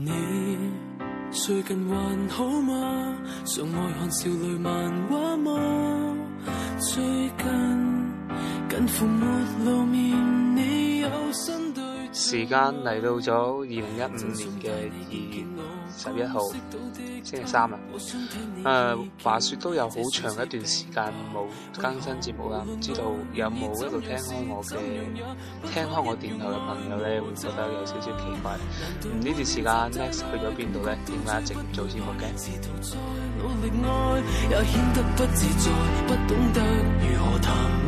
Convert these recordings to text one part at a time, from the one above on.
時間嚟到咗二零一五年嘅二月。十一號星期三啊！誒、呃，話説都有好長一段時間冇更新節目啦，唔知道有冇一度聽開我嘅聽開我電台嘅朋友咧，會覺得有少少奇怪。唔、嗯、呢段時間 Max 去咗邊度咧？點解一直唔做節目呢目嘅？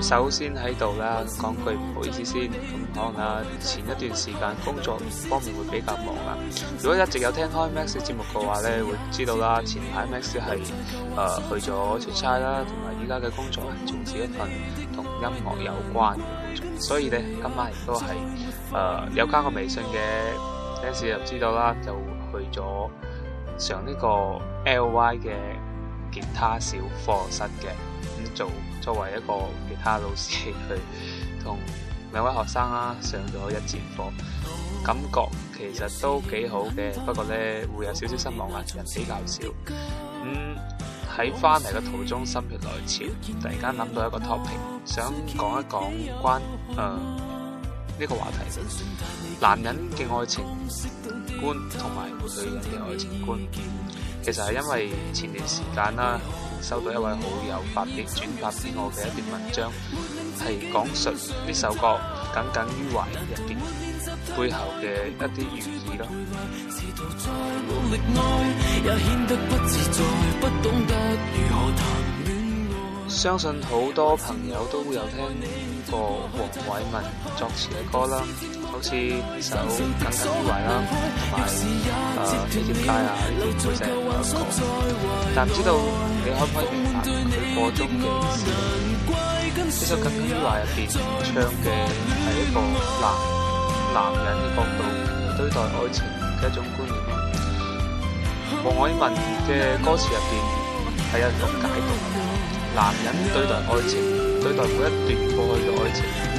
首先喺度啦，講句唔好意思先，咁可能啊前一段時間工作方面會比較忙啦。如果一直有聽開 Max 節目嘅話咧，會知道啦，前排 Max 係誒、去咗出差啦，同埋依家嘅工作係從事一份同音樂有關嘅工作，所以咧今晚亦都係誒、有加個微信嘅，於是就知道啦，就去咗上呢個 LY 嘅吉他小課室嘅。咁做作為一個吉他老師去同兩位學生啦、啊、上咗一節課，感覺其實都幾好嘅，不過咧會有少少失望啦、啊，人比較少。咁喺翻嚟嘅途中心血來潮，突然間諗到一個 topic，想講一講關誒呢、呃這個話題，就是，男人嘅愛情觀同埋女人嘅愛情觀，其實係因為前段時間啦、啊。收到一位好友發帖轉發俾我嘅一段文章，係講述呢首歌耿耿於懷入邊背後嘅一啲寓意咯。相信好多朋友都有聽過黃偉文作詞嘅歌啦。好似呢首《耿耿於懷》啦，同埋《喜帖街》啊呢啲配唱嘅歌，但唔知道你可唔可以明白佢個中嘅意思？呢首《耿耿於懷》入邊唱嘅係一個男男人嘅角度對待愛情嘅一種觀念咯。黃偉文嘅歌詞入邊係有一種解讀，男人對待愛情，對待每一段過去嘅愛情。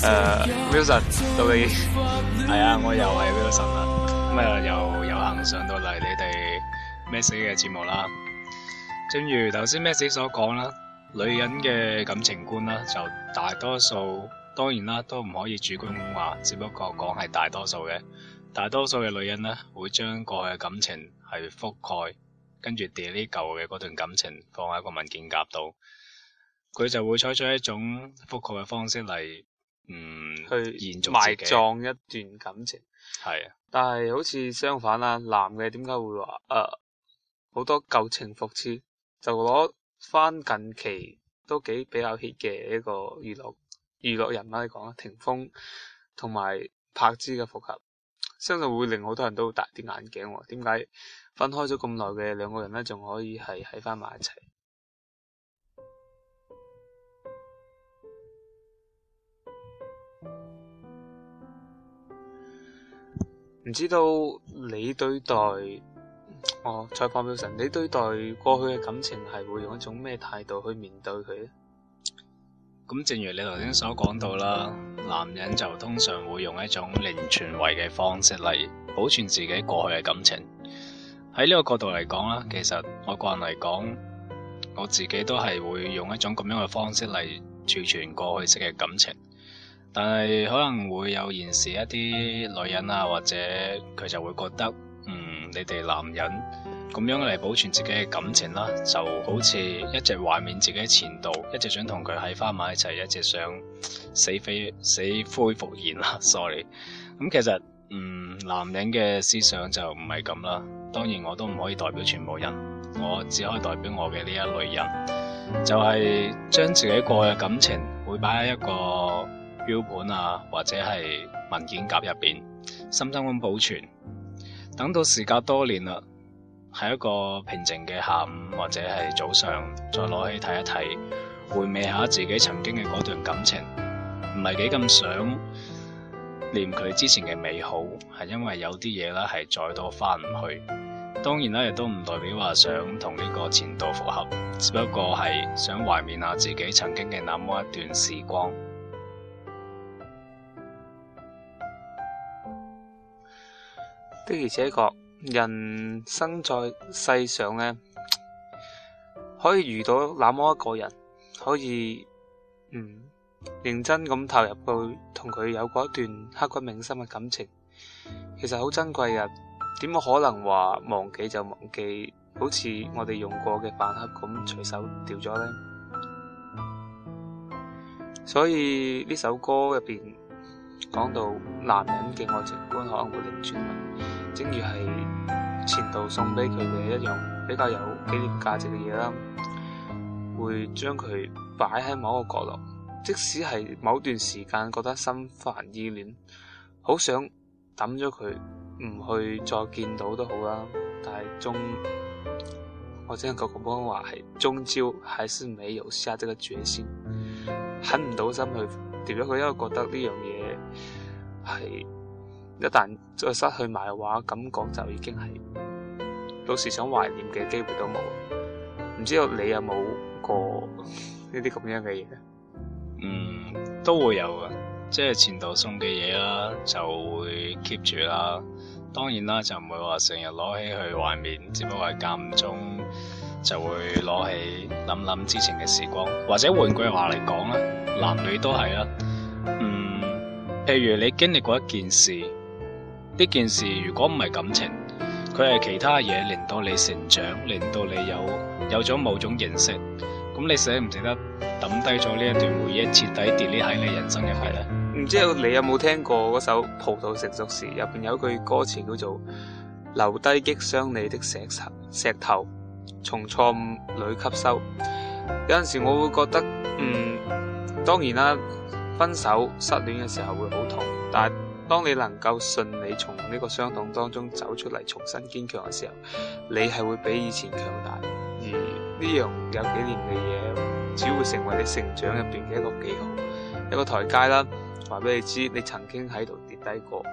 誒、uh，Wilson 到你，係 啊、哎，我又係 Wilson 啦，咁啊又又行上到嚟你哋咩子嘅節目啦。正如頭先咩子所講啦，女人嘅感情觀啦，就大多數當然啦，都唔可以主觀話，只不過講係大多數嘅，大多數嘅女人呢，會將過去嘅感情係覆蓋，跟住 delete 舊嘅嗰段感情，放喺個文件夾度，佢就會採取一種覆蓋嘅方式嚟。嗯，去埋葬，埋葬一段感情，係啊的。但係好似相反啦，男嘅點解會話誒？好、呃、多舊情復熾，就攞翻近期都幾比較 hit 嘅一個娛樂娛樂人物嚟講啦，霆鋒同埋柏芝嘅復合，相信會令好多人都戴啲眼鏡，啊。點解分開咗咁耐嘅兩個人咧，仲可以係喺翻埋一齊？唔知道你對待哦，蔡博妙神，你對待過去嘅感情係會用一種咩態度去面對佢咧？咁正如你頭先所講到啦，男人就通常會用一種零存位嘅方式嚟保存自己過去嘅感情。喺呢個角度嚟講啦，其實我個人嚟講，我自己都係會用一種咁樣嘅方式嚟儲存過去式嘅感情。但係可能會有現時一啲女人啊，或者佢就會覺得，嗯，你哋男人咁樣嚟保存自己嘅感情啦、啊，就好似一直懷緬自己前度，一直想同佢喺返埋一齊，一直想死飛死灰復燃啦。Sorry，咁、嗯、其實嗯，男人嘅思想就唔係咁啦。當然我都唔可以代表全部人，我只可以代表我嘅呢一類人，就係、是、將自己過去嘅感情會擺喺一個。U 盤啊，或者係文件夾入邊，深深咁保存，等到時隔多年啦，喺一個平靜嘅下午或者係早上，再攞起睇一睇，回味下自己曾經嘅嗰段感情，唔係幾咁想念佢之前嘅美好，係因為有啲嘢咧係再度翻唔去，當然啦，亦都唔代表話想同呢個前度複合，只不過係想懷念下自己曾經嘅那麼一段時光。的而且確，人生在世上呢，可以遇到那麼一個人，可以嗯，認真咁投入去，同佢有過一段刻骨銘心嘅感情，其實好珍貴呀。點可能話忘記就忘記？好似我哋用過嘅飯盒咁，隨手掉咗呢。所以呢首歌入邊講到，男人嘅愛情觀可能會令村民。正如係前度送俾佢嘅一樣，比較有紀念價值嘅嘢啦，會將佢擺喺某一個角落。即使係某段時間覺得心煩意亂，好想抌咗佢，唔去再見到都好啦。但係終，我聽嗰句說話係，終究還是沒有下這個決心，狠唔到心去掉咗佢，因為覺得呢樣嘢係。一旦再失去埋嘅話，感覺就已經係到時想懷念嘅機會都冇。唔知道你有冇過呢啲咁樣嘅嘢？嗯，都會有嘅，即係前度送嘅嘢啦，就會 keep 住啦。當然啦，就唔會話成日攞起去懷念，只不過係間唔中就會攞起諗諗之前嘅時光。或者換句話嚟講啦，男女都係啦、啊。嗯，譬如你經歷過一件事。呢件事如果唔係感情，佢係其他嘢令到你成長，令到你有有咗某種認識，咁你捨唔捨得抌低咗呢一段回憶，徹底跌 e 喺你人生入面咧？唔知道你有冇聽過嗰首《葡萄成熟時》，入邊有一句歌詞叫做：留低擊傷你的石頭石頭，從錯誤裏吸收。有陣時我會覺得，嗯，當然啦，分手失戀嘅時候會好痛，但係，當你能夠順利從呢個傷痛當中走出嚟，重新堅強嘅時候，你係會比以前強大。而呢、嗯、樣有幾年嘅嘢，只會成為你成長入邊嘅一個記號，一個台階啦。話俾你知，你曾經喺度跌低過，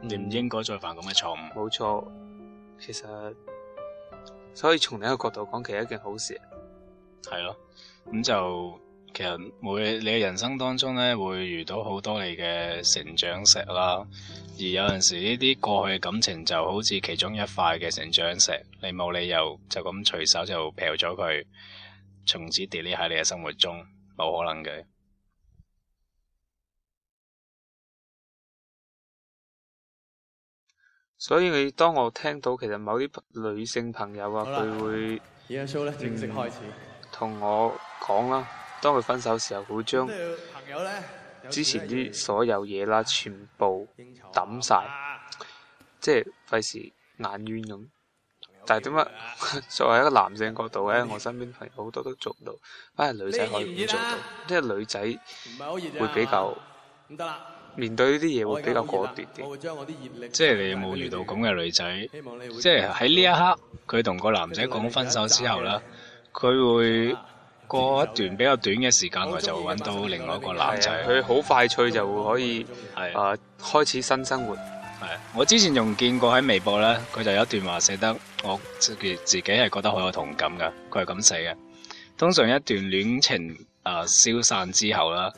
你唔應該再犯咁嘅錯誤。冇錯，其實，所以從另一個角度講，其實一件好事。係咯，咁就。其實每你嘅人生當中咧，會遇到好多你嘅成長石啦，而有陣時呢啲過去嘅感情就好似其中一塊嘅成長石，你冇理由就咁隨手就撇咗佢，從此 delete 喺你嘅生活中，冇可能嘅 。所以你當我聽到其實某啲女性朋友啊，佢吧會而家 show 咧正式開始，同我講啦。當佢分手時候，佢會將之前啲所有嘢啦，全部抌晒，啊、即係費事眼冤咁。但係點解？啊、作為一個男性角度咧，啊、我身邊朋友好多都做唔到，反、哎、而女仔可以做到，即、啊、因為女仔會比較、啊、面對呢啲嘢會比較果斷啲。即係你有冇遇到咁嘅女仔？即係喺呢一刻，佢同個男仔講分手之後啦，佢會。過一段比較短嘅時間，佢就會搵到另外一個男仔，佢好、啊、快脆就會可以，誒、啊、開始新生活。係，我之前仲見過喺微博咧，佢就有一段話寫得我自自己係覺得好有同感噶，佢係咁寫嘅。通常一段戀情誒、啊、消散之後啦，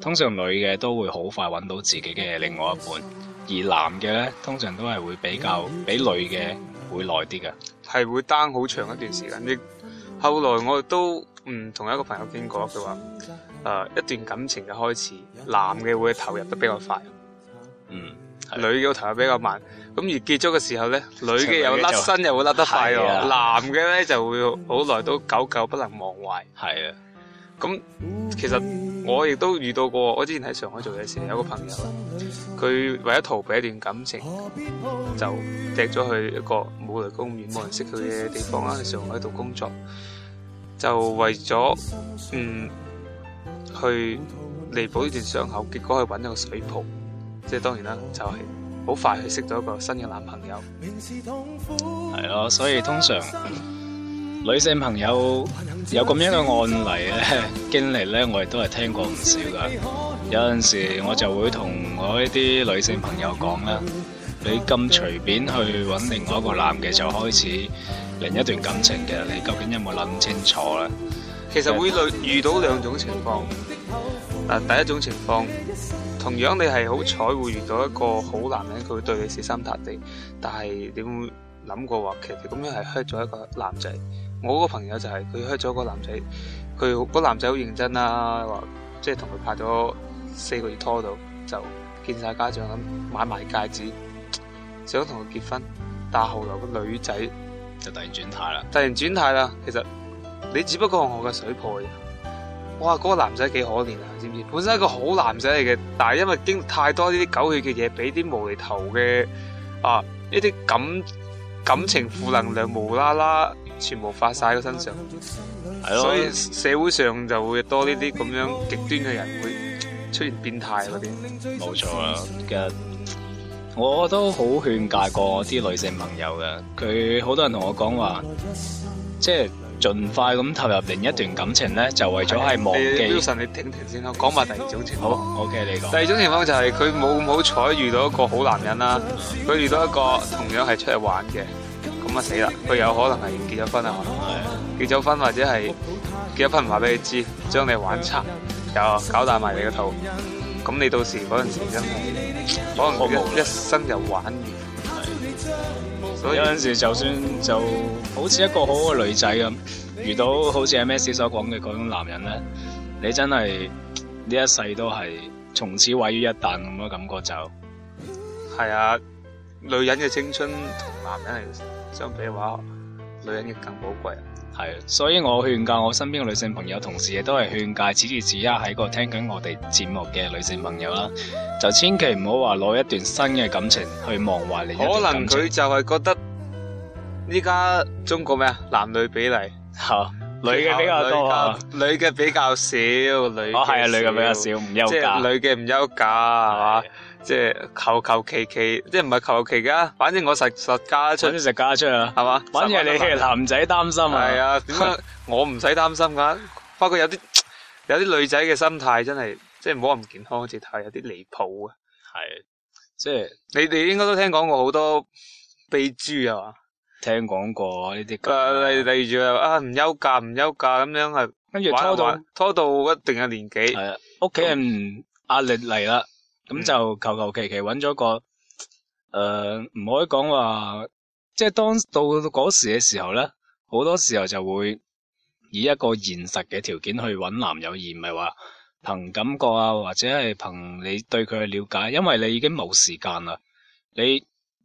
通常女嘅都會好快搵到自己嘅另外一半，而男嘅咧通常都係會比較比女嘅會耐啲噶，係會 down 好長一段時間。你後來我都。嗯，同一個朋友經過，佢話：誒、呃、一段感情嘅開始，男嘅會投入得比較快，嗯，女嘅投入比較慢。咁而結束嘅時候咧，女嘅又甩身又會甩得快，男嘅咧就會好耐都久久不能忘懷。係啊的，咁、嗯、其實我亦都遇到過，我之前喺上海做嘢時，有個朋友，佢為咗逃避一段感情，就掟咗去一個武雷公園，冇人識佢嘅地方啦。喺上海度工作。就為咗嗯去彌補呢段傷口，結果去搵一個水泡，即係當然啦，就係好快去識咗一個新嘅男朋友，係咯。所以通常女性朋友有咁樣嘅案例咧，經歷咧，我哋都係聽過唔少噶。有陣時我就會同我呢啲女性朋友講啦，你咁隨便去搵另外一個男嘅就開始，另一段感情，嘅，你究竟有冇諗清楚咧？其實會遇到兩種情況。嗱，第一種情況，同樣你係好彩會遇到一個好男人，佢會對你死心塌地。但係你會諗過話，其實咁樣係 hurt 咗一個男仔。我個朋友就係佢 hurt 咗個男仔，佢個男仔好認真啦、啊，話即係同佢拍咗四個月拖到就見晒家長，買埋戒指想同佢結婚，但係後來個女仔，就突然轉態啦，突然轉態啦。其實你只不過係我嘅水泡嘅人。哇，嗰、那個男仔幾可憐啊，知唔知？本身係一個好男仔嚟嘅，但係因為經歷太多呢啲狗血嘅嘢，俾啲無厘頭嘅啊，一啲感感情負能量無啦啦，全部發晒喺身上。係咯、嗯，嗯、所以社會上就會多呢啲咁樣極端嘅人會出現變態嗰啲。冇錯啊，我都好勸誡過啲女性朋友嘅，佢好多人同我講話，即係盡快咁投入另一段感情咧，就為咗係忘記。你早晨，你停停先啦，講埋第二種情況。好，OK，你講。第二種情況就係佢冇咁好彩遇到一個好男人啦，佢遇到一個同樣係出去玩嘅，咁啊死啦，佢有可能係結咗婚係嘛？係的。結咗婚或者係結咗婚唔話俾你知，將你玩差，又搞大埋你個肚。咁你到時嗰陣時真係可能我一生就玩完，所以有陣時就算就好似一個好嘅女仔咁，遇到好似阿 Max 所講嘅嗰種男人咧，你真係呢一世都係從此毀於一旦咁嘅感覺就係啊，女人嘅青春同男人係相比話，女人嘅更寶貴。係，所以我勸誡我身邊嘅女，女性朋友，同時亦都係勸誡，此時此刻喺嗰聽緊我哋節目嘅女性朋友啦，就千祈唔好話攞一段新嘅感情去忘懷你一段感情。可能佢就係覺得依家中國咩啊，男女比例吓，哦，女嘅比較多，啊，比較女，女嘅比較少，女嘅，哦，比較少，唔即係女嘅唔憂嫁係嘛？即係求求其其，即係唔係求其噶，反正我實實嫁出，實嫁出啊，係嘛？反正你係男仔擔心啊，係啊？點解我唔使擔心噶？發覺有啲有啲女仔嘅心態真係，即係唔好話唔健康，好似太有啲離譜啊！係，即係你哋應該都聽講過好多被豬啊嘛？聽講過呢啲。例如例如啊，唔休假唔休假咁樣啊，跟住拖到拖到一定嘅年紀，係啊，屋企人壓力嚟啦。咁、嗯、就求求其其揾咗個，誒、呃、唔可以講話，即係當到嗰時嘅時候咧，好多時候就會以一個現實嘅條件去揾男友，而唔係話憑感覺啊，或者係憑你對佢嘅了解，因為你已經冇時間啦，你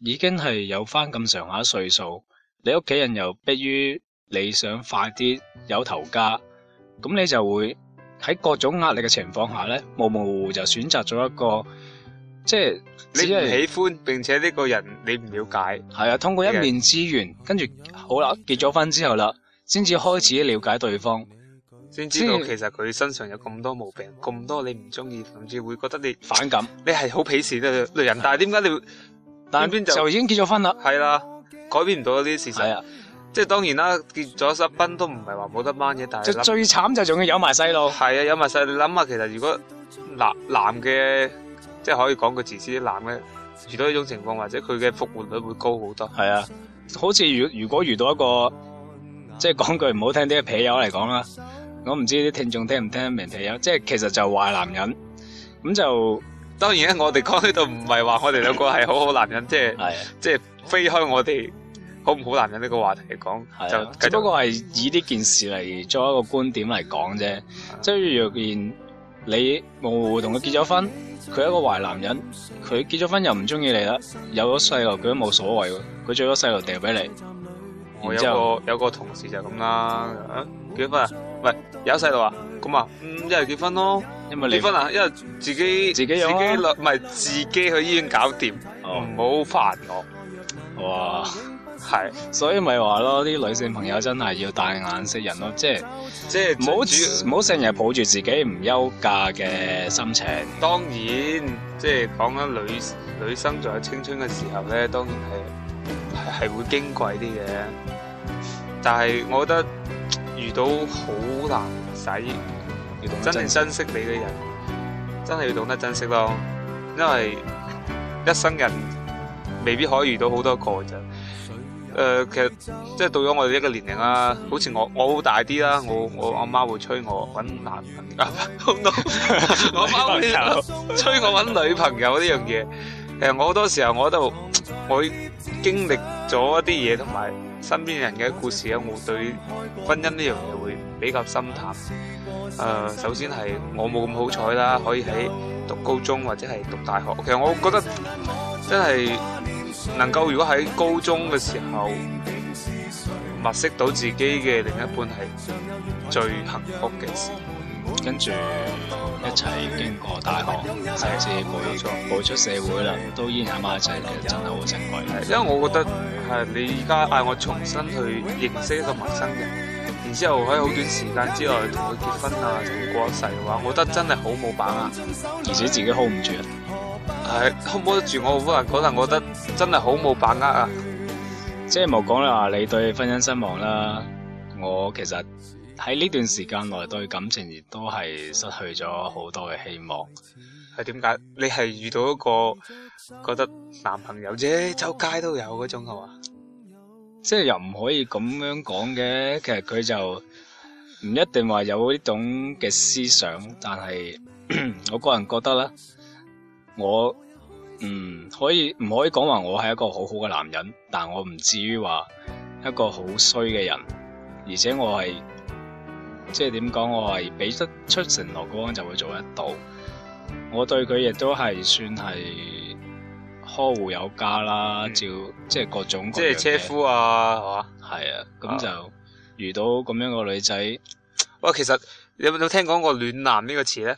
已經係有翻咁上下歲數，你屋企人又迫於你想快啲有頭家，咁你就會。喺各種壓力嘅情況下咧，模模糊糊就選擇咗一個，即、就、係、是、你唔喜歡，並且呢個人你唔了解，係啊，通過一面之緣，是跟住好啦，結咗婚之後啦，先至開始了解對方，先知道其實佢身上有咁多毛病，咁才多你唔中意，甚至會覺得你反感，你係好鄙視呢類人，啊、但係點解你會？但係邊就,就已經結咗婚啦，係啦、啊，改變唔到呢啲事實、啊。即係，當然啦，結咗失婚都唔係話冇得掹嘅，但係最最慘就仲要有埋細路。係啊，有埋細路。諗下，其實如果男男嘅，即係可以講個自私啲男嘅，遇到呢種情況，或者佢嘅復活率會高好多。係啊，好似如果如果遇到一個，即係講句唔好聽啲嘅皮友嚟講啦，我唔知啲聽眾聽唔聽得明皮友，即係其實就壞男人。咁就當然啦，我哋講呢度唔係話我哋兩個係好好男人，即係即係飛開我哋。好唔好男人呢個話題嚟講，啊、就只不過係以呢件事嚟做一個觀點嚟講啫。啊、即係若然你冇同佢結咗婚，佢、啊、一個壞男人，佢結咗婚又唔中意你啦，有咗細路佢都冇所謂，佢將咗細路掉俾你。我有個後有個同事就咁啦，啊，結咗婚啊？喂，有細路啊？咁啊，嗯，一係結婚咯，因為結婚因為啊，一係自己自己養，自己唔係自己去醫院搞掂，唔好煩我。哇！係，是所以咪話咯，啲女性朋友真係要帶眼識人咯，即係即係唔好住，唔好成日抱住自己唔愁嫁嘅心情。當然，即係講緊女女生，仲有青春嘅時候咧，當然係係會矜貴啲嘅。但係我覺得遇到好難使，真正珍惜你嘅人，真係要懂得珍惜咯。因為一生人未必可以遇到好多個咋。誒、呃，其實即係到咗我哋一個年齡啦，好似我我好大啲啦，我我阿媽會催我搵男朋友，阿 媽、oh、no. 會催我搵女朋友呢樣嘢。 其實我好多時候我都我經歷咗一啲嘢，同埋身邊人嘅故事咧，我對婚姻呢樣嘢會比較心淡。誒、呃，首先係我冇咁好彩啦，可以喺讀高中或者係讀大學。其實我覺得真係。能夠如果喺高中嘅時候，物識到自己嘅另一半係最幸福嘅事，跟住一齊經過大學，甚至步咗步出社會啦，都依然喺埋一齊，其實真係好珍貴。因為我覺得係你而家嗌我重新去認識一個陌生人，然之後喺好短時間之內同佢結婚啊，同佢過一世嘅話，我覺得真係好冇把握，而且自己 hold 唔住。係 hold 唔住，我個人可能覺得真係好冇把握啊！即係冇講你話你對婚姻失望啦，我其實喺呢段時間內對感情亦都係失去咗好多嘅希望。係點解？你係遇到一個覺得男朋友啫，周街都有嗰種係嘛？好，即係又唔可以咁樣講嘅，其實佢就唔一定話有呢種嘅思想，但係 我個人覺得咧。我唔、嗯、可以唔可以講話我係一個好好嘅男人，但我唔至於話一個好衰嘅人，而且我係即係點講，我係俾得出承諾嗰陣就會做得到。我對佢亦都係算係呵護有加啦，嗯、照即係各種，種即係車夫啊，係啊，咁、啊啊、就遇到咁樣個女仔。喂、啊，其實你有冇有聽講過暖男個詞呢個詞咧？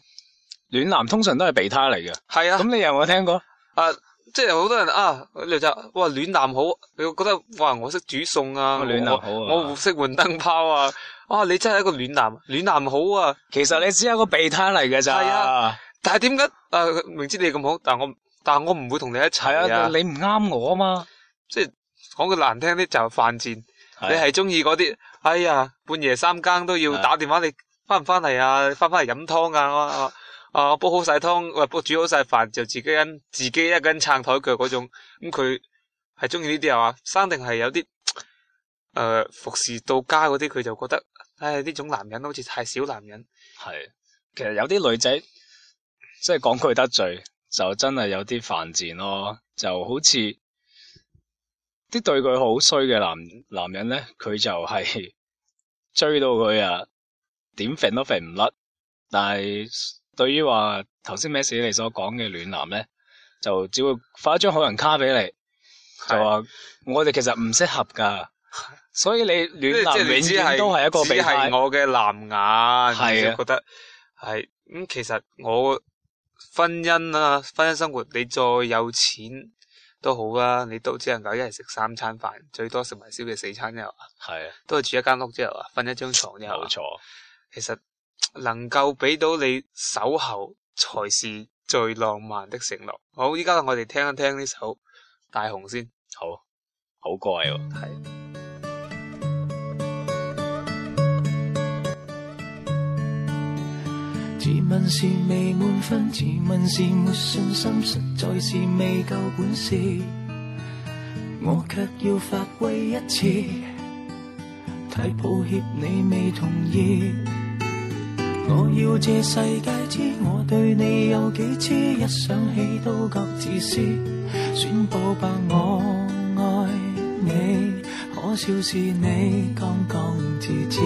暖男通常都係備胎嚟嘅，係啊。咁你有冇聽過？啊，即係好多人啊，你就哇，暖男好，你會覺得哇，我識煮餸啊，暖男好，我識換燈泡啊，哇，你真係一個暖男，暖男好啊。其實你只係一個備胎嚟嘅咋，係啊，但係點解？啊，明知你咁好，但我但係我唔會同你一齊啊。你唔啱我啊嘛。即係講句難聽啲就係犯賤。你係中意嗰啲，哎呀，半夜三更都要打電話你，翻唔翻嚟啊？翻翻嚟飲湯啊？啊！煲好晒湯，喂、呃，煲煮好晒飯，就自己一自己一個人撐台腳嗰種，咁佢係中意呢啲啊嘛，生定係有啲誒、呃、服侍到家嗰啲，佢就覺得，唉，呢種男人好似太少男人。係，其實有啲女仔，即係講佢得罪，就真係有啲犯賤咯，就好似啲對佢好衰嘅男男人咧，佢就係、是、追到佢啊，點揈都揈唔甩，但係。對於話頭先 Messy 你所講嘅戀男咧，就只會發一張好人卡俾你，的就話我哋其實唔適合噶。 所以你暖男永遠都係一個鼻係我嘅藍牙，我的覺得係咁、嗯。其實我婚姻啊，婚姻生活你再有錢都好啊，你都只能夠一日食三餐飯，最多食埋宵夜四餐之後啊，的都係住一間屋之後啊，瞓一張床之後，冇錯，其實。能夠畀到你守候，才是最浪漫的承諾。好，依家我哋聽一聽呢首《大雄》先。好，好怪喎、哦，係是。自問是未滿分，自問是沒信心，實在是未夠本事，我卻要發威一次，太抱歉你未同意。我要這世界知我對你有幾癡，一想起都覺自私。宣布吧，我愛你，可笑是你剛剛自知。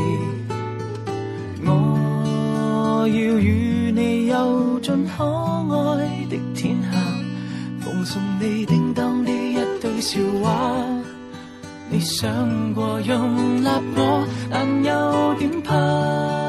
我要與你遊盡可愛的天下，奉送你叮當的一堆笑話。你想過容納我，但有點怕。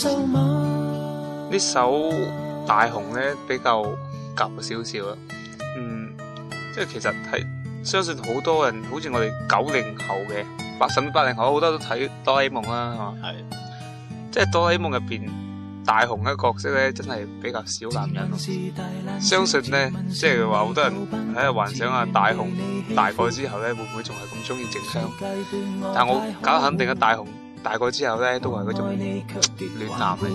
首呢首大雄咧比較夾少少咯，嗯，即係其實係相信好多人，好似我哋九零後嘅，或甚至八零後，好多都睇哆啦 A 夢啦，係嘛？係是，即係哆啦 A 夢入邊大雄嘅角色咧，真係比較少男人咯。相信咧，即係話好多人喺度幻想啊，大雄大個之後咧，會唔會仲係咁中意靜香？但我搞肯定嘅大雄。大個之後咧，都係嗰種暖男嚟，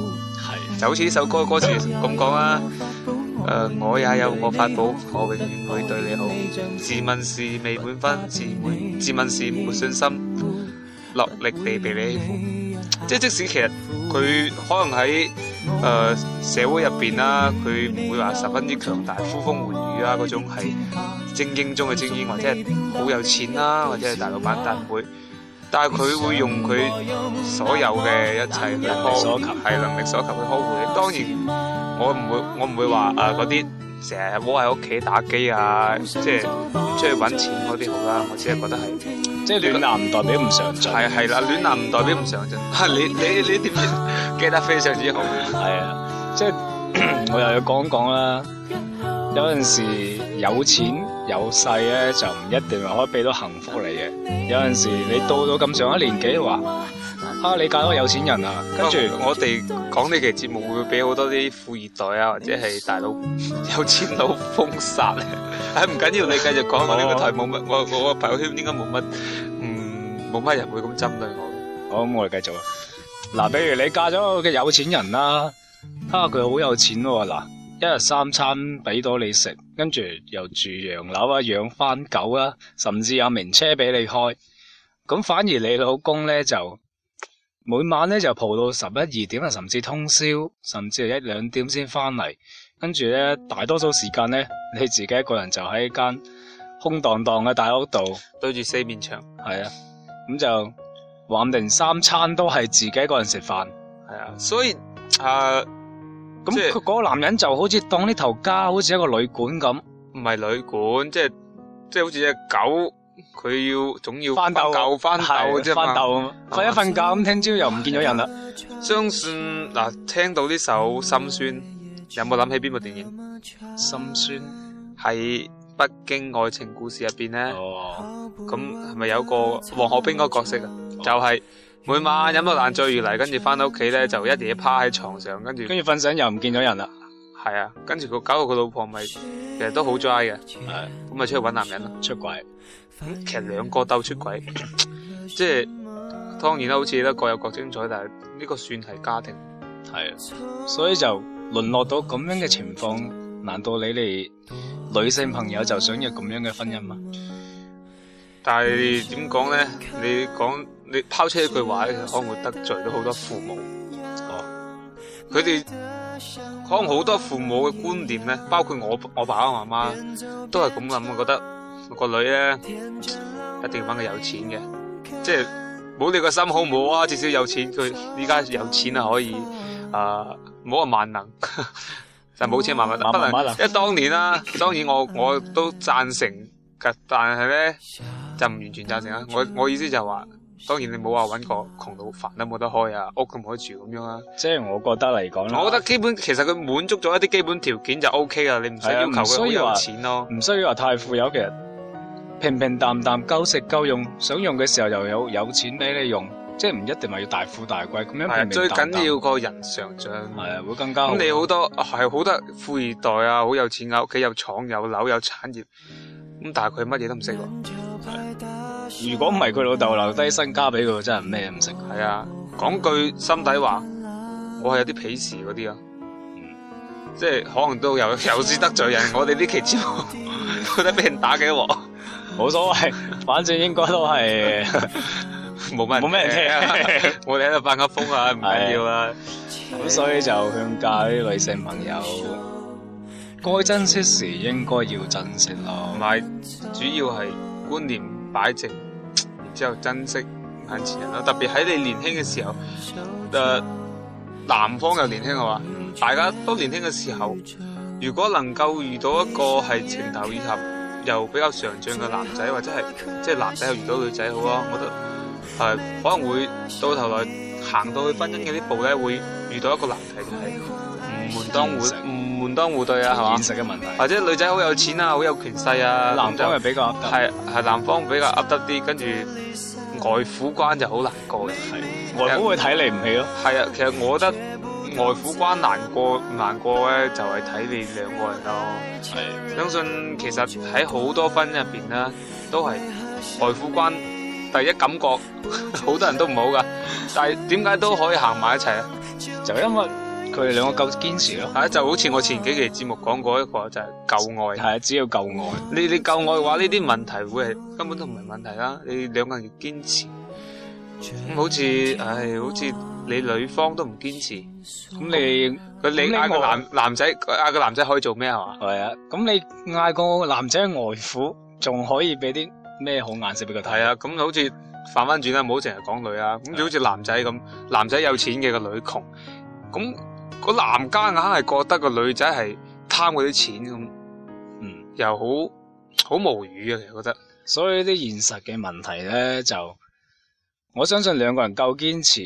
嗯、就好似呢首歌、嗯、歌詞咁講啦。誒、 呃，我也有我法寶，我永遠會對你好。自問是未滿分，自問自問是冇信心，落力地被你欺負。即即使其實佢可能喺誒、呃、社會入邊啦，佢唔會話十分之強大，呼風喚雨啊嗰種係精英中嘅精英，或者係好有錢啦、啊，或者係大老闆，但唔會。但係佢會用佢所有嘅一切去呵護，係能力所及去呵護嘅。當然，我唔會我唔會話誒嗰啲成日窩喺屋企打機啊，即係出去揾錢嗰啲好啦。我只係覺得係，即係暖男唔代表唔上進。係係啦，暖男唔代表唔上進。啊、你你你點知 記得非常之好？係啊，即係 我又要講講啦。 有陣時有錢。有勢咧，就唔一定話可以俾到幸福嚟嘅，有陣時你到到咁上一年紀話，啊你嫁咗有錢人啦，啊，跟住我哋講呢期節目會俾好多啲富二代啊或者係大佬 有錢佬封殺咧，係唔緊要，你繼續講 我呢個台冇乜，我我朋友圈應該冇乜，嗯冇乜人會咁針對我，好，我哋繼續啊，嗱，比如你嫁咗嘅有錢人啦，啊啊，他佢好有錢喎，啊、嗱。啊一日三餐俾到你食，跟住又住洋樓啊，養翻狗啊，甚至有名車俾你開，咁反而你老公呢，就每晚呢，就蒲到十一二點啊，甚至通宵，甚至係一兩點先翻嚟，跟住呢，大多數時間呢，你自己一個人就喺一間空蕩蕩嘅大屋度，對住四面牆，係啊，咁就橫掂三餐都係自己一個人食飯，係啊，所以誒。呃咁佢嗰個男人就好似當呢頭家，好似一個旅館咁。唔係旅館，即係即係好似隻狗，佢要總要翻斗啊，翻斗啫嘛。瞓、啊、一瞓覺咁，聽朝、嗯、又唔見咗人啦。相信嗱，聽到呢首心酸，有冇諗起邊部電影？心酸喺北京愛情故事入面呢入邊咧。咁係咪有個黃可斌個角色啊？嗯、就係、是。每晚飲到爛醉如泥，跟住翻到屋企咧就一夜趴喺床上，跟住跟住瞓醒又唔見咗人啦。係啊，跟住搞到個老婆咪其實都好 dry 嘅，係咁咪出去搵男人咯，出軌，嗯。其實兩個都出軌， 即係當然啦，好似都各有各精彩，但係呢個算係家庭。係啊，所以就淪落到咁樣嘅情況，難道你哋女性朋友就想要咁樣嘅婚姻嘛？但係點講咧？你講。你拋車一句話，其實可能會得罪到好多父母哦。佢、oh, 哋可能好多父母嘅觀念咧，包括我我爸我媽媽都係咁諗，我覺得我個女咧一定搵佢有錢嘅，即係冇你個心好唔好啊。至少有錢，佢依家有錢啊，可以誒，冇、呃、話萬能，就 冇錢、哦、萬萬能不能。因為能當年啦、啊，當然我我都贊成，但係咧就唔完全贊成啊。我我意思就係話。當然你冇話搵個窮到煩都冇得開啊，屋佢唔可以住咁樣啦、啊，即係我覺得嚟講，我覺得基本是其實佢滿足咗一啲基本條件就 O K 噶，你唔使的要求佢，需要話錢咯，唔需要話太富有其實，平平淡淡夠食夠用，想用嘅時候又有有錢俾你用，即係唔一定話要大富大貴咁樣平平淡淡淡。最緊要個人上進，係啊會更加咁你好多係好多富二代啊，好有錢啊，屋企有廠有樓有，有產業，咁但係佢乜嘢都唔識。如果唔係佢老豆留低身家俾佢，真係咩唔食。係啊，講句心底話，我係有啲鄙視嗰啲啊，嗯、即係可能都有有啲得罪人。我哋呢期節目 都得俾人打幾鑊，冇所謂，反正應該都係冇咩冇乜人聽啊。我哋喺度發下風啊，唔緊要啊。咁所以就向教啲女性朋友，該珍惜時應該要珍惜啦。唔係主要係觀念擺正。之後珍惜眼前人咯，特別喺你年輕嘅時候，誒、呃，男方又年輕嘅話，大家都年輕嘅時候，如果能夠遇到一個係情投意合又比較上進嘅男仔，或者係即係男仔又遇到女仔好啊，我覺得係、呃、可能會到頭來行到去婚姻嘅呢步咧，會遇到一個難題，就係唔門當戶，門當戶對啊，係嘛？現實嘅問題，或者女仔好有錢啊，好有權勢啊。南方係比較噏得，係係南方比較噏得啲，跟住外父關就好難過嘅。係外父會睇你唔起咯。係啊，其實我覺得外父關難過難過咧，就係睇你兩個人咯。係的，相信其實喺好多婚姻入邊啦，都係外父關第一感覺，好多人都唔好噶，但係點解都可以行埋一齊啊？就因為。佢哋兩個夠堅持咯，係就好似我前幾期節目講過一個就係舊愛，係 啊，只要舊愛。 你你舊愛嘅話，呢啲問題會係根本都唔係問題啦。你兩個人要堅持，咁好似唉，好似、哎、你女方都唔堅持，咁、嗯、你佢、嗯、你嗌個男、啊、男，男仔嗌個男仔可以做咩啊？係啊，咁你嗌個男仔外父，仲可以俾啲咩好顏色俾佢睇啊？咁好似反翻轉啦，唔好成日講女啦，咁就好似男仔咁，對男仔有錢嘅、個女窮，咁。個男家硬係覺得個女仔係貪嗰啲錢咁，嗯，又好好無語啊！其實覺得，所以啲現實嘅問題咧，就我相信兩個人夠堅持，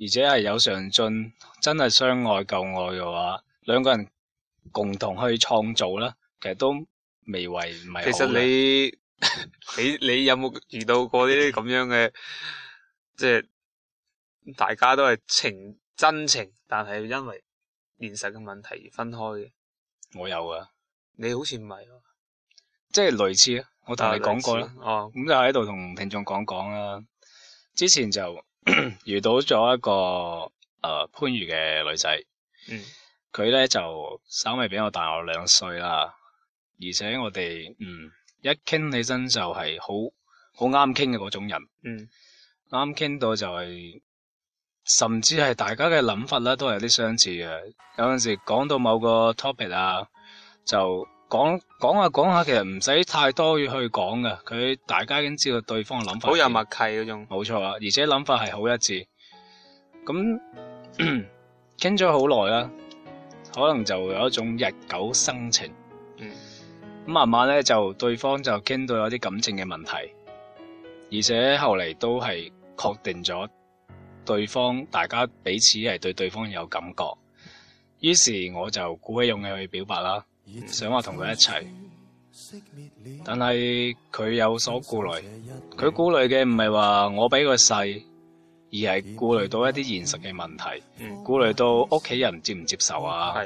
而且係有上進，真係相愛夠愛嘅話，兩個人共同去創造啦，其實都未為唔係好嘅。其實你的 你你有冇遇到過呢啲咁樣嘅，即係、 就是、大家都係情？真情，但係因為現實嘅問題而分開嘅。我有啊。你好似唔係，即係類似啊。我同你講過啦。哦，咁就喺度同聽眾講講啦。之前就 遇到咗一個誒、呃、番禺嘅女仔。嗯。佢咧就稍微比我大我兩歲啦，而且我哋嗯一傾起身就係好好啱傾嘅嗰種人。嗯。啱傾到就係、是。甚至係大家嘅諗法咧，都係有啲相似嘅。有陣時講到某個 topic 啊，就講講下講下，其實唔使太多去講嘅。佢大家已經知道對方嘅諗法，好有默契嗰種。冇錯啊，而且諗法係好一致。咁傾咗好耐啦，可能就有一種日久生情。咁、嗯、慢慢咧，就對方就傾到有啲感情嘅問題，而且後嚟都係確定咗。對方大家彼此係對對方有感覺，於是我就鼓起勇氣去表白啦，想話同佢一齊。但係佢有所顧慮，佢顧慮嘅唔係話我俾佢細，而係顧慮到一啲現實嘅問題，顧慮、嗯、到屋企人接唔接受啊，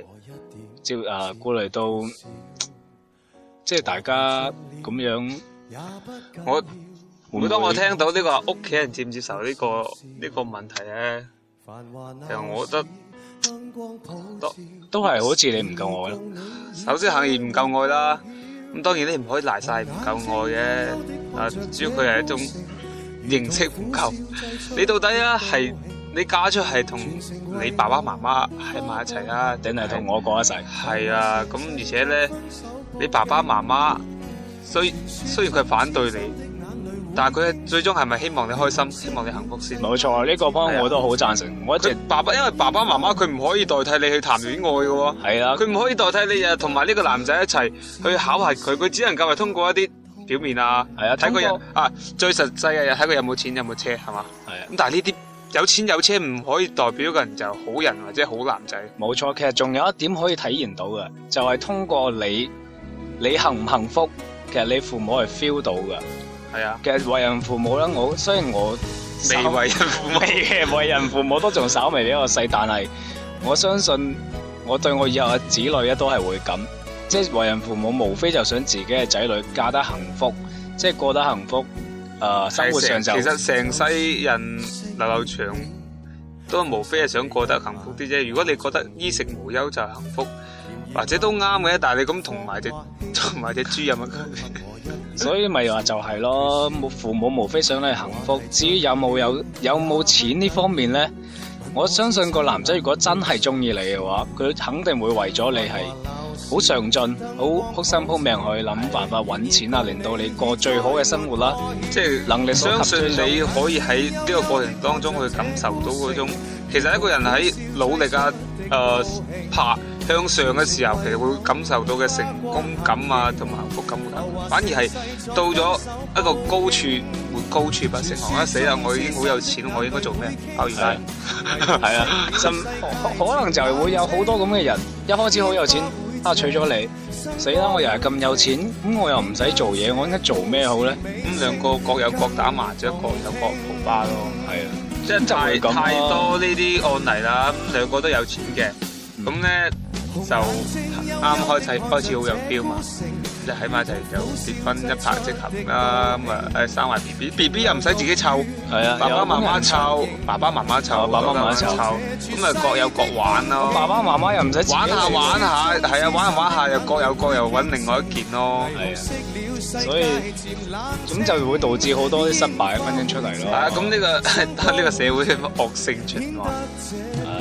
接啊顧慮到即係大家咁樣，我。每當我聽到呢個屋企人接唔接受呢個呢個問題咧，其實我覺得都都係好似你唔夠愛咯。首先肯定唔夠愛啦，咁當然你唔可以賴晒唔夠愛嘅。啊，主要佢係一種認識唔夠你到底啊係你嫁出係同你爸爸媽媽喺埋一齊啊，定係同我過一齊？係啊，咁而且咧，你爸爸媽媽雖雖然佢反對你。但係佢最終係咪希望你開心，希望你幸福先？冇錯啊！呢、這個方面我都好贊成。啊、我爸爸，因為爸爸媽媽佢唔可以代替你去談戀愛噶喎。係啦、啊，佢唔可以代替你日同埋呢個男仔一齊去考核佢，佢只能夠係通過一啲表面啊。係啊，睇佢有啊，最實際嘅睇佢有冇錢，有冇車，係嘛？係啊。咁但係呢啲有錢有車唔可以代表個人就好人或者好男仔。冇錯，其實仲有一點可以體現到嘅，就係、是、通過你，你幸唔幸福，其實你父母係 feel 到噶。係啊，其實為人父母咧，我雖然我未為人父母，未為人父母都仲稍微比較細，但係我相信我對我以後嘅子女咧都係會咁，即係為人父母，無非就想自己嘅仔女嫁得幸福，即係過得,得幸福。誒、呃，生活上就係、First, 其實成世人流流長都無非係想過得幸福啲啫。如果你覺得衣食無憂就係幸福，或者都啱嘅，但係你咁同埋隻同埋隻豬有乜區別。所以咪話就係咯，母父母無非想你幸福。至於有冇有有冇錢呢方面咧，我相信個男仔如果真係中意你嘅話，佢肯定會為咗你係好上進，好撲心撲命去諗辦法搵錢啊，令到你過最好嘅生活啦。即係能力相信你可以喺呢個過程當中去感受到嗰種，其實一個人喺努力啊，誒、呃，拍。向上嘅時候，其實會感受到嘅成功感啊，同埋幸福感嘅。反而係到咗一個高處，會高處不勝寒啊！死啦，我已經好有錢，我應該做咩？包二奶，係啊，甚可能就會有好多咁嘅人，一開始好有錢，啊娶咗你，死啦！我又係咁有錢，咁我又唔使做嘢，我應該做咩好咧？咁兩個各有各打麻雀，各有各蒲吧咯。係啊，即係太太多呢啲案例啦。咁兩個都有錢嘅，咁咧。就啱開始開始好有 feel 嘛，就係起碼就就結婚一拍即合啦，咁啊誒生埋 B B B B 又唔使自己湊，係啊，爸爸媽媽湊，爸爸媽媽湊，爸爸媽媽湊，咁啊各有各玩咯，爸爸媽媽又唔使玩下玩下，係啊，玩下玩下又各有各又揾另外一件咯，係啊，所以咁就會導致好多啲失敗嘅婚姻出嚟咯，係啊，咁呢個係呢個社會嘅惡性循環。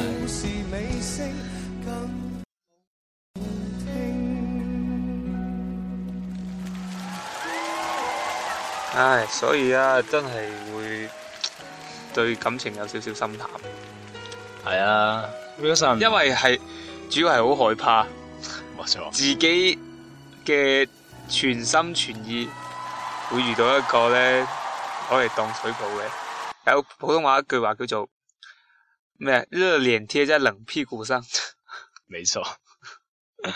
唉，所以啊，真係會對感情有少少心淡，係啊。Wilson，因為係主要係好害怕冇錯自己嘅全心全意會遇到一個咧，可以當水泡嘅。有普通話一句話叫做咩？熱臉貼在冷屁股上。 沒錯錯。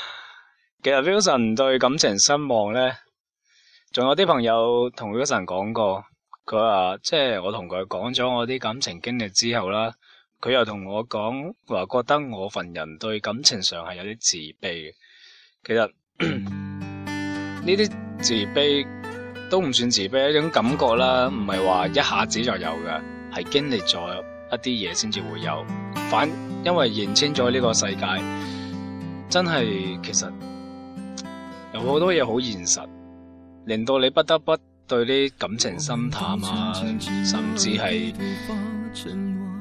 其實 Wilson 對感情失望咧。仲有啲朋友同佢嗰陣講過，佢話即係我同佢講咗我啲感情經歷之後啦，佢又同我講話覺得我份人對感情上係有啲自卑嘅。其實呢啲自卑都唔算自卑，一種感覺啦，唔係話一下子就有嘅，係經歷咗一啲嘢先至會有。反因為認清咗呢個世界，真係其實有好多嘢好現實。令到你不得不對啲感情心淡啊，甚至係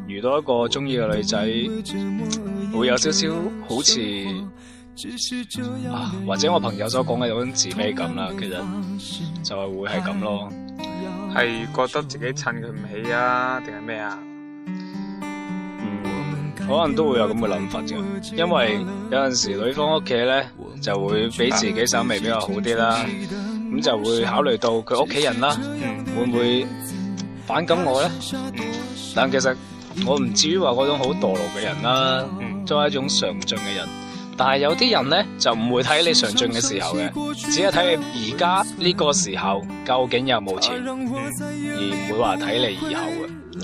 遇到一個鍾意嘅女仔，會有少少好似啊，或者我朋友所講嘅嗰種自卑感啦，啊。其實就係會係咁咯，係覺得自己襯佢唔起啊，定係咩啊？可能都會有咁嘅諗法嘅，因為有陣時女方屋企咧就會畀自己稍微比較好啲啦，咁就會考慮到佢屋企人啦，嗯，會唔會反感我咧？但其實我唔至於話嗰種好墮落嘅人啦，嗯，作為一種上進嘅人。但係有啲人咧就唔會睇你上進嘅時候嘅，只係睇你而家呢個時候究竟有冇錢，而唔會話睇你以後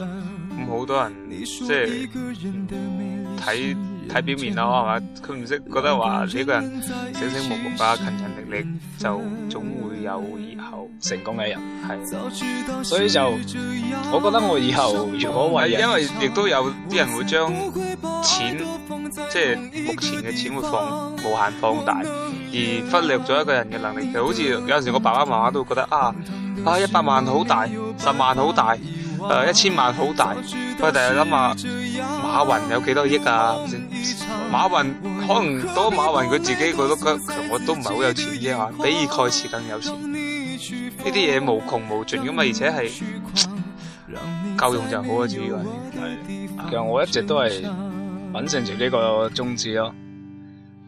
嘅。好多人即係睇睇，表面咯，係嘛中？佢唔識覺得話呢個人醒醒目目啊，勤勤力力、嗯、就總會有以後成功嘅人係。所以就、嗯、我覺得我以後如果為因為亦都有啲人會將錢，會錢即係目前嘅錢會放無限放大，而忽略咗一個人嘅能力。就好似有陣時我爸爸媽媽都會覺得啊啊，一百萬好大，十萬好大。誒、呃，一千萬好大，不過大家諗下馬雲有幾多億啊？馬雲可能多，馬雲佢自己佢都覺，我都唔係好有錢啫吓，比爾蓋茨更有錢。呢啲嘢無窮無盡咁嘛，而且係夠用就好之、啊、嘛。係，其實我一直都係秉承住呢個宗旨咯，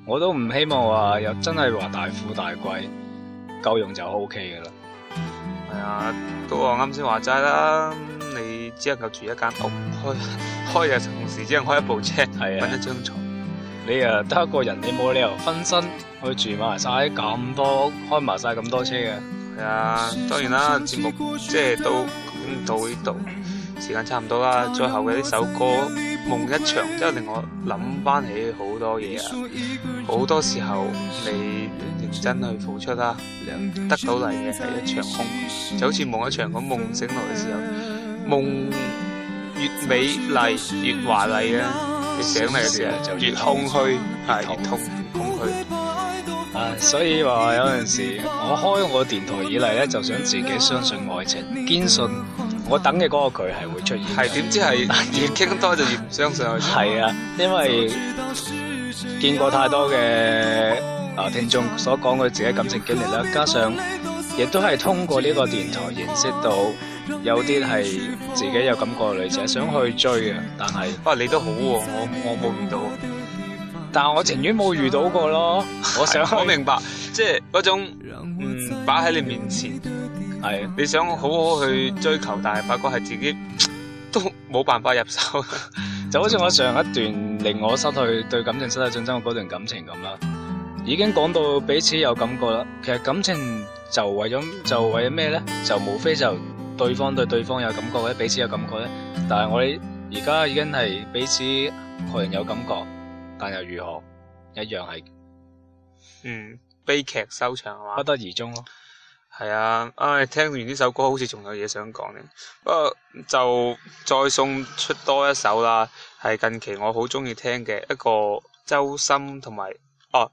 我都唔希望話又真係話大富大貴，夠用就 O K 噶啦。係啊、哎，都話啱先話齋啦。只能夠住一間屋，開開日同時只能開一部車，搵、啊、一張床。你啊得一個人，你冇理由分身去住埋晒咁多屋，開埋晒咁多車嘅。係啊，當然啦，節目即係都到呢度，時間差唔多啦。最後嘅呢首歌《夢一場》真，真係令我諗翻起好多嘢啊！好多時候你認真去付出啦，得到嚟嘅係一場空，就好似夢一場咁，夢醒來嘅時候。夢越美麗越華麗咧，你醒嘅時候越空虛，係越痛越空虛。啊，所以話有陣時我開我電台以嚟咧，就想自己相信愛情，堅信我等嘅嗰個佢係會出現。係點知係越傾多就越唔相信愛情。係啊，因為見過太多嘅啊聽眾所講嘅自己感情經歷啦，加上亦都係通過呢個電台認識到。有啲係自己有感覺嘅女仔，想去追嘅，但係不過你都好、啊，我我遇唔到、啊，但係我情願冇遇到過咯。我想、 啊、我明白，即係嗰種嗯擺喺你面前係、嗯啊、你想好好去追求，但係發覺係自己都冇辦法入手，就好似我上一段令我失去對感情失去信心嗰段感情咁啦。已經講到彼此有感覺啦，其實感情就為咗就為咗咩咧？就無非就。對方對對方有感覺或者彼此有感覺咧，但係我哋而家已經係彼此確認有感覺，但又如何一樣係嗯悲劇收場係嘛？不得而終咯，係啊！唉、啊哎，聽完呢首歌好似仲有嘢想講咧。不過就再送出多一首啦，係近期我好中意聽嘅一個周深同埋哦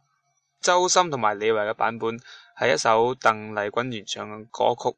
周深同埋李維嘅版本，係一首鄧麗君原唱嘅歌曲。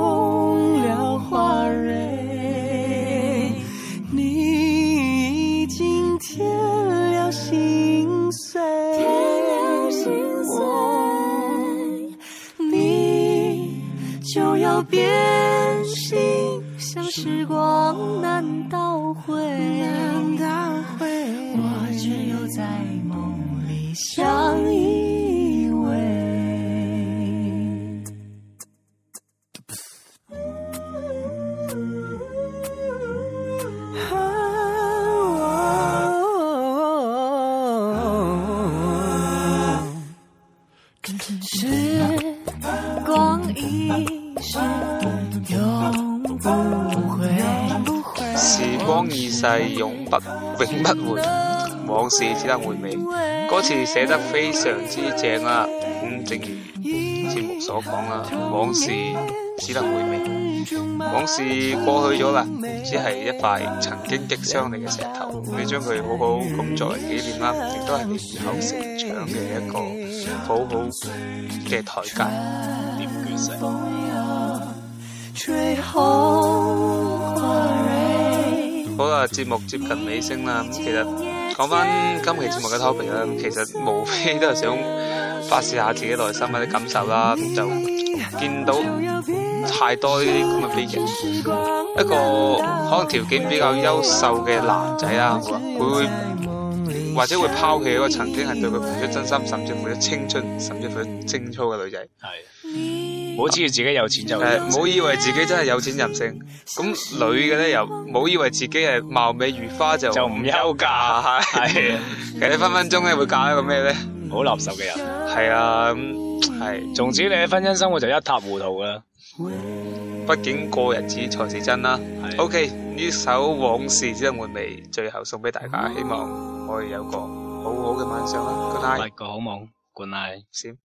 時光難。不永不永不回，往事只能回味。歌詞寫得非常之正啊，咁正如節目所講啦，往事只能回味。往事過去咗啦，只係一塊曾經擊傷你嘅石頭，你將佢好好咁作為紀念啦，亦都係你以後成長嘅一個好好嘅台階。 好啦，節目接近尾聲啦。咁其實講翻今期節目嘅 topic 啦，其實無非都係想發洩下自己內心嘅啲感受啦。咁就見到，嗯、太多呢啲咁嘅悲劇，一個可能條件比較優秀嘅男仔啦，啊，佢會或者會拋棄一個曾經係對佢付出真心，甚至付出青春，甚至乎付出清操嘅女仔。係的。嗯唔好以為自己有錢就任性，唔好以為自己真係有錢任性。咁女嘅咧又唔好以為自己係貌美如花就唔憂嫁，係其實分分鐘咧會嫁一個咩咧？好垃圾嘅人，係啊，係從此你嘅婚姻生活就一塌糊塗㗎啦。畢竟過日子才是真啦。OK，呢首往事只能回味，最後送俾大家，希望可以有個好好嘅晚上啦。Good night，個好夢，Good night 先。